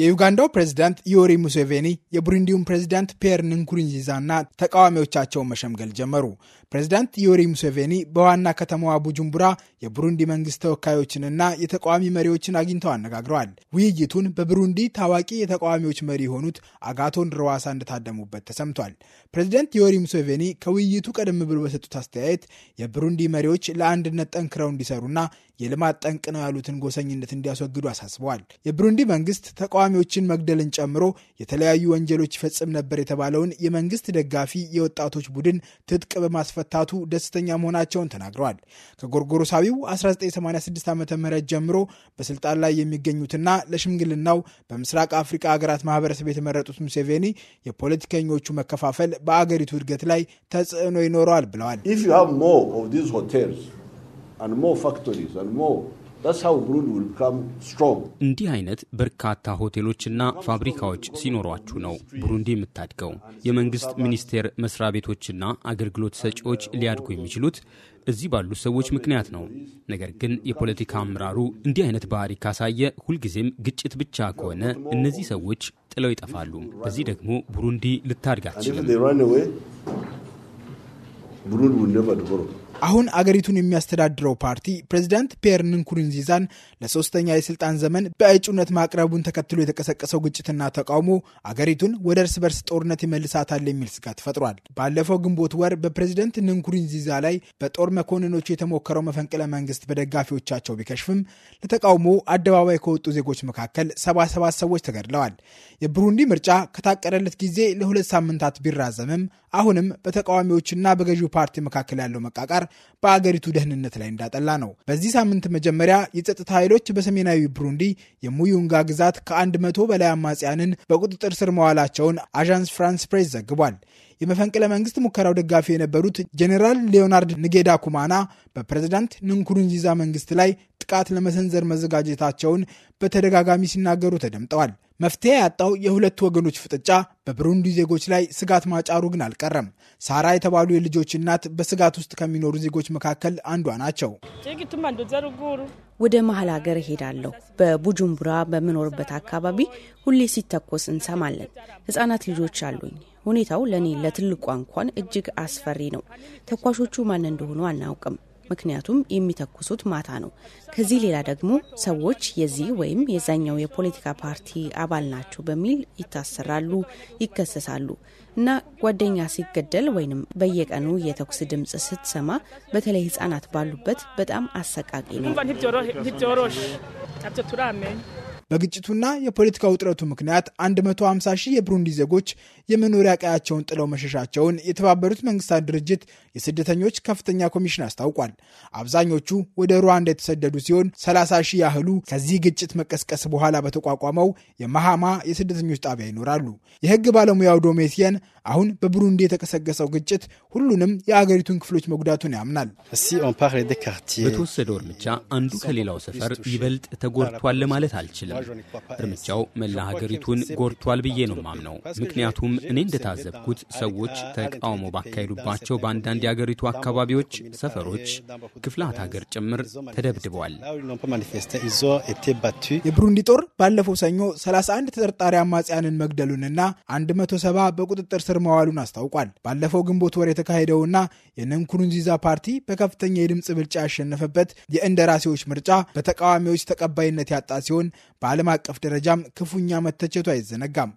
የዩጋንዳው ፕሬዚዳንት ዮሪ ሙሴቬኒ የቡሩንዲውን ፕሬዚዳንት ፒየር ንንኩሩንዚዛና ተቃዋሚዎቻቸውን መሸምገል ጀመሩ። ፕሬዚዳንት ዮሪ ሙሴቬኒ በዋና ከተማዋ ቡጁምቡራ የቡሩንዲ መንግስት ተወካዮችንና የተቃዋሚ መሪዎችን አግኝተው አነጋግረዋል። ውይይቱን በቡሩንዲ ታዋቂ የተቃዋሚዎች መሪ የሆኑት አጋቶን ሩዋሳ እንደታደሙበት ተሰምቷል። ፕሬዚዳንት ዮሪ ሙሴቬኒ ከውይይቱ ቀደም ብሎ በሰጡት አስተያየት የቡሩንዲ መሪዎች ለአንድነት ጠንክረው እንዲሰሩና የልማት ጠንቅ ነው ያሉትን ጎሰኝነት እንዲያስወግዱ አሳስበዋል። የቡሩንዲ መንግስት ተ ተቃዋሚዎችን መግደልን ጨምሮ የተለያዩ ወንጀሎች ይፈጽም ነበር የተባለውን የመንግስት ደጋፊ የወጣቶች ቡድን ትጥቅ በማስፈታቱ ደስተኛ መሆናቸውን ተናግረዋል። ከጎርጎሮሳዊው 1986 ዓ ም ጀምሮ በስልጣን ላይ የሚገኙትና ለሽምግልናው በምስራቅ አፍሪካ ሀገራት ማህበረሰብ የተመረጡት ሙሴቬኒ የፖለቲከኞቹ መከፋፈል በአገሪቱ እድገት ላይ ተጽዕኖ ይኖረዋል ብለዋል። እንዲህ አይነት በርካታ ሆቴሎችና ፋብሪካዎች ሲኖሯችሁ ነው ቡሩንዲ የምታድገው። የመንግስት ሚኒስቴር መስሪያ ቤቶችና አገልግሎት ሰጪዎች ሊያድጉ የሚችሉት እዚህ ባሉ ሰዎች ምክንያት ነው። ነገር ግን የፖለቲካ አመራሩ እንዲህ አይነት ባህሪ ካሳየ፣ ሁልጊዜም ግጭት ብቻ ከሆነ እነዚህ ሰዎች ጥለው ይጠፋሉ። በዚህ ደግሞ ቡሩንዲ ልታድግ አትችልም። አሁን አገሪቱን የሚያስተዳድረው ፓርቲ ፕሬዚዳንት ፒየር ንኩሩንዚዛን ለሶስተኛ የስልጣን ዘመን በእጩነት ማቅረቡን ተከትሎ የተቀሰቀሰው ግጭትና ተቃውሞ አገሪቱን ወደ እርስ በርስ ጦርነት ይመልሳታል የሚል ስጋት ፈጥሯል። ባለፈው ግንቦት ወር በፕሬዚደንት ንኩሩንዚዛ ላይ በጦር መኮንኖች የተሞከረው መፈንቅለ መንግስት በደጋፊዎቻቸው ቢከሽፍም ለተቃውሞ አደባባይ ከወጡ ዜጎች መካከል ሰባ ሰባት ሰዎች ተገድለዋል። የብሩንዲ ምርጫ ከታቀደለት ጊዜ ለሁለት ሳምንታት ቢራዘምም አሁንም በተቃዋሚዎችና በገዢው ፓርቲ መካከል ያለው መቃቃር በአገሪቱ ደህንነት ላይ እንዳጠላ ነው። በዚህ ሳምንት መጀመሪያ የጸጥታ ኃይሎች በሰሜናዊ ብሩንዲ የሙዩንጋ ግዛት ከአንድ መቶ በላይ አማጽያንን በቁጥጥር ስር መዋላቸውን አዣንስ ፍራንስ ፕሬስ ዘግቧል። የመፈንቅለ መንግስት ሙከራው ደጋፊ የነበሩት ጄኔራል ሊዮናርድ ንጌዳ ኩማና በፕሬዝዳንት ንንኩሩንዚዛ መንግስት ላይ ጥቃት ለመሰንዘር መዘጋጀታቸውን በተደጋጋሚ ሲናገሩ ተደምጠዋል። መፍትሄ ያጣው የሁለቱ ወገኖች ፍጥጫ በብሩንዲ ዜጎች ላይ ስጋት ማጫሩ ግን አልቀረም። ሳራ የተባሉ የልጆች እናት በስጋት ውስጥ ከሚኖሩ ዜጎች መካከል አንዷ ናቸው። ወደ መሀል ሀገር እሄዳለሁ። በቡጁምቡራ በምኖርበት አካባቢ ሁሌ ሲተኮስ እንሰማለን። ህጻናት ልጆች አሉኝ። ሁኔታው ለእኔ ለትልቋ እንኳን እጅግ አስፈሪ ነው። ተኳሾቹ ማን እንደሆኑ አናውቅም። ምክንያቱም የሚተኩሱት ማታ ነው። ከዚህ ሌላ ደግሞ ሰዎች የዚህ ወይም የዛኛው የፖለቲካ ፓርቲ አባል ናቸው በሚል ይታሰራሉ፣ ይከሰሳሉ እና ጓደኛ ሲገደል ወይንም በየቀኑ የተኩስ ድምፅ ስትሰማ በተለይ ህጻናት ባሉበት በጣም አሰቃቂ ነው። በግጭቱና የፖለቲካ ውጥረቱ ምክንያት 150 ሺህ የብሩንዲ ዜጎች የመኖሪያ ቀያቸውን ጥለው መሸሻቸውን የተባበሩት መንግስታት ድርጅት የስደተኞች ከፍተኛ ኮሚሽን አስታውቋል። አብዛኞቹ ወደ ሩዋንዳ የተሰደዱ ሲሆን 30 ሺህ ያህሉ ከዚህ ግጭት መቀስቀስ በኋላ በተቋቋመው የማሃማ የስደተኞች ጣቢያ ይኖራሉ። የህግ ባለሙያው ዶሜቲየን አሁን በብሩንዲ የተቀሰቀሰው ግጭት ሁሉንም የአገሪቱን ክፍሎች መጉዳቱን ያምናል። በተወሰደው እርምጃ አንዱ ከሌላው ሰፈር ይበልጥ ተጎድቷል ለማለት አልችልም። እርምጃው መላ ሀገሪቱን ጎድቷል ብዬ ነው ማምነው። ምክንያቱም እኔ እንደታዘብኩት ሰዎች ተቃውሞ ባካሄዱባቸው በአንዳንድ የሀገሪቱ አካባቢዎች፣ ሰፈሮች፣ ክፍላት ሀገር ጭምር ተደብድበዋል። የብሩንዲ ጦር ባለፈው ሰኞ 31 ተጠርጣሪ አማጽያንን መግደሉንና 170 በቁጥጥር ስር መዋሉን አስታውቋል። ባለፈው ግንቦት ወር የተካሄደውና የነንኩሩንዚዛ ፓርቲ በከፍተኛ የድምፅ ብልጫ ያሸነፈበት የእንደራሴዎች ምርጫ በተቃዋሚዎች ተቀባይነት ያጣ ሲሆን በዓለም አቀፍ ደረጃም ክፉኛ መተቸቱ አይዘነጋም።